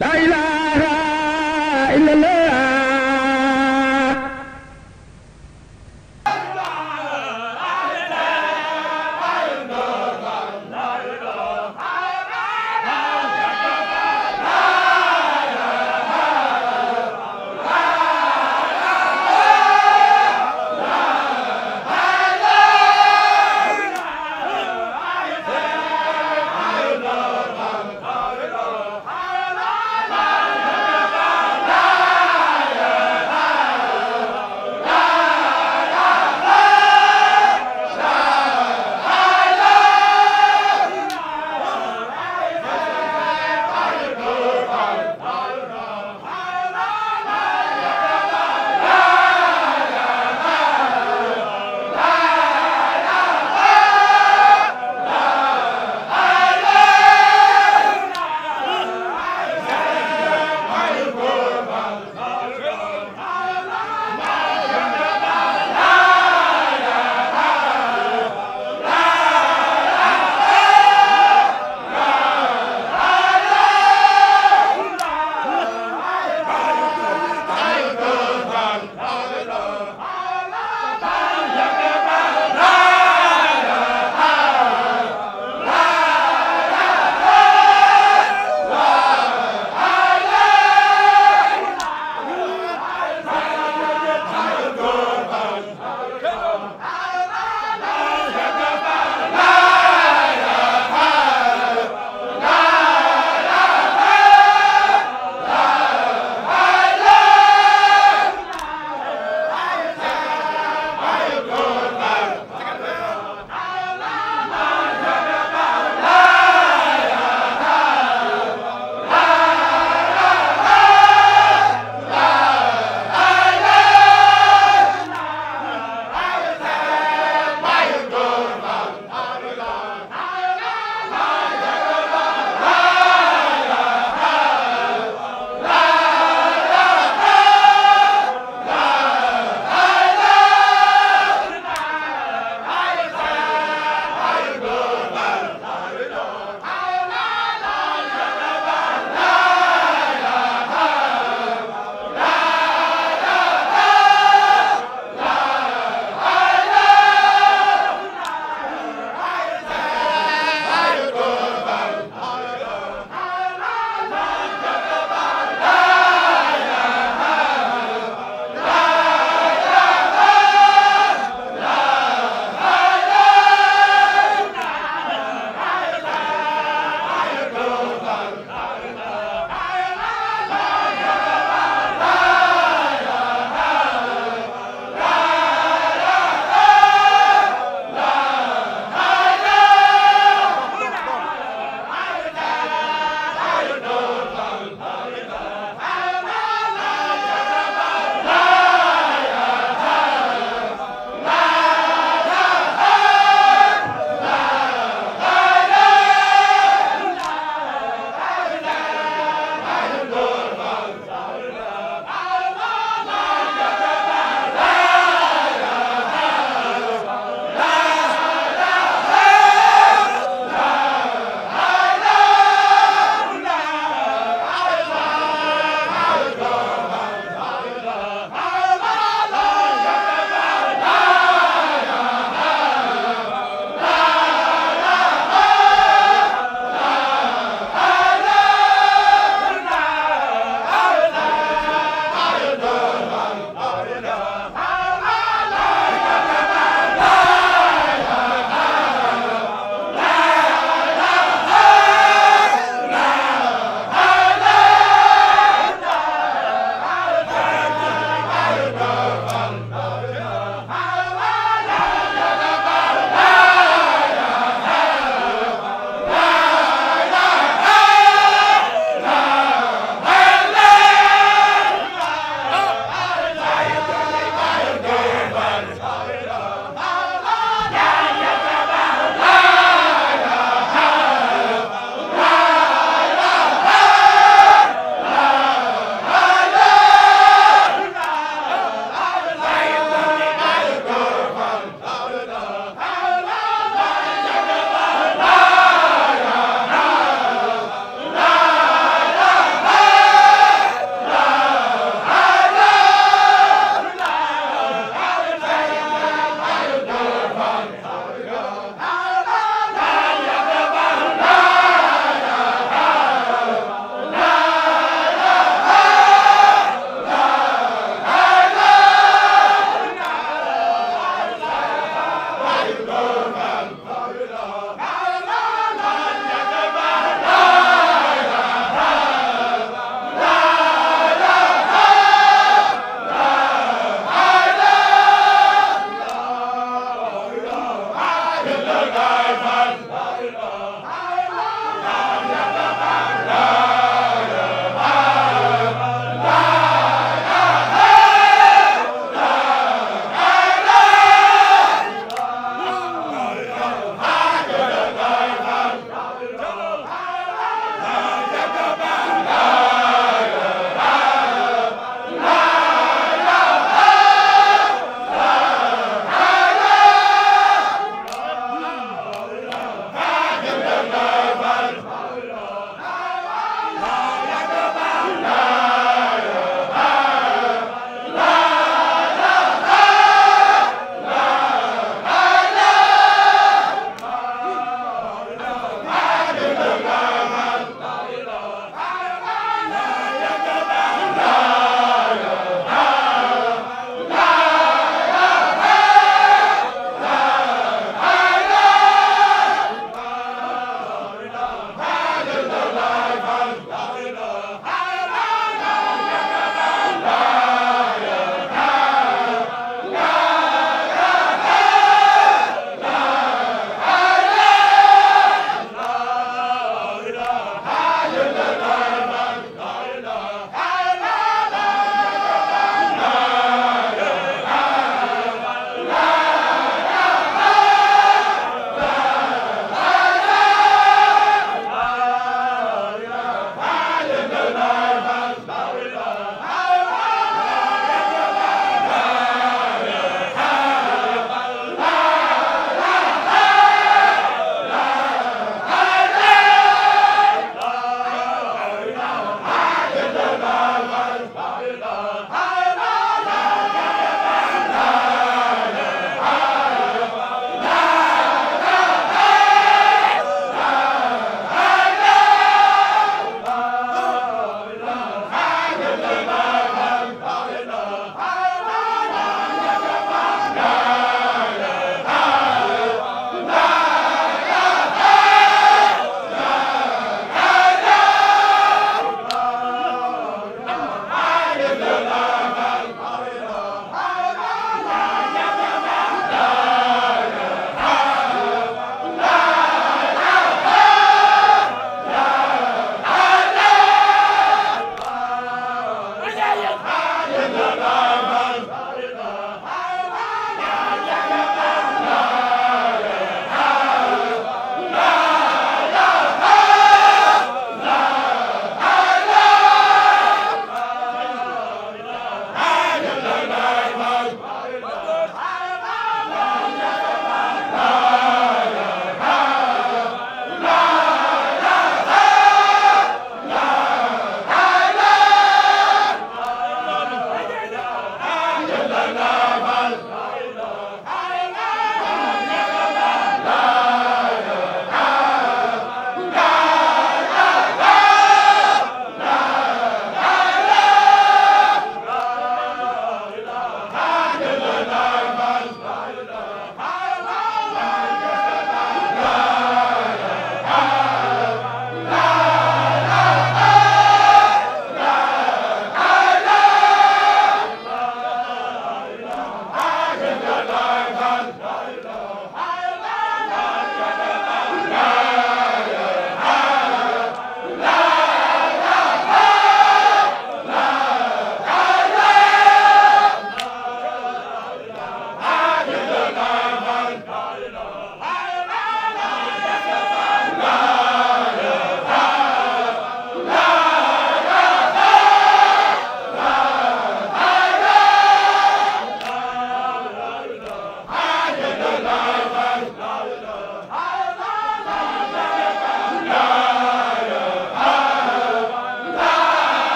la ilaha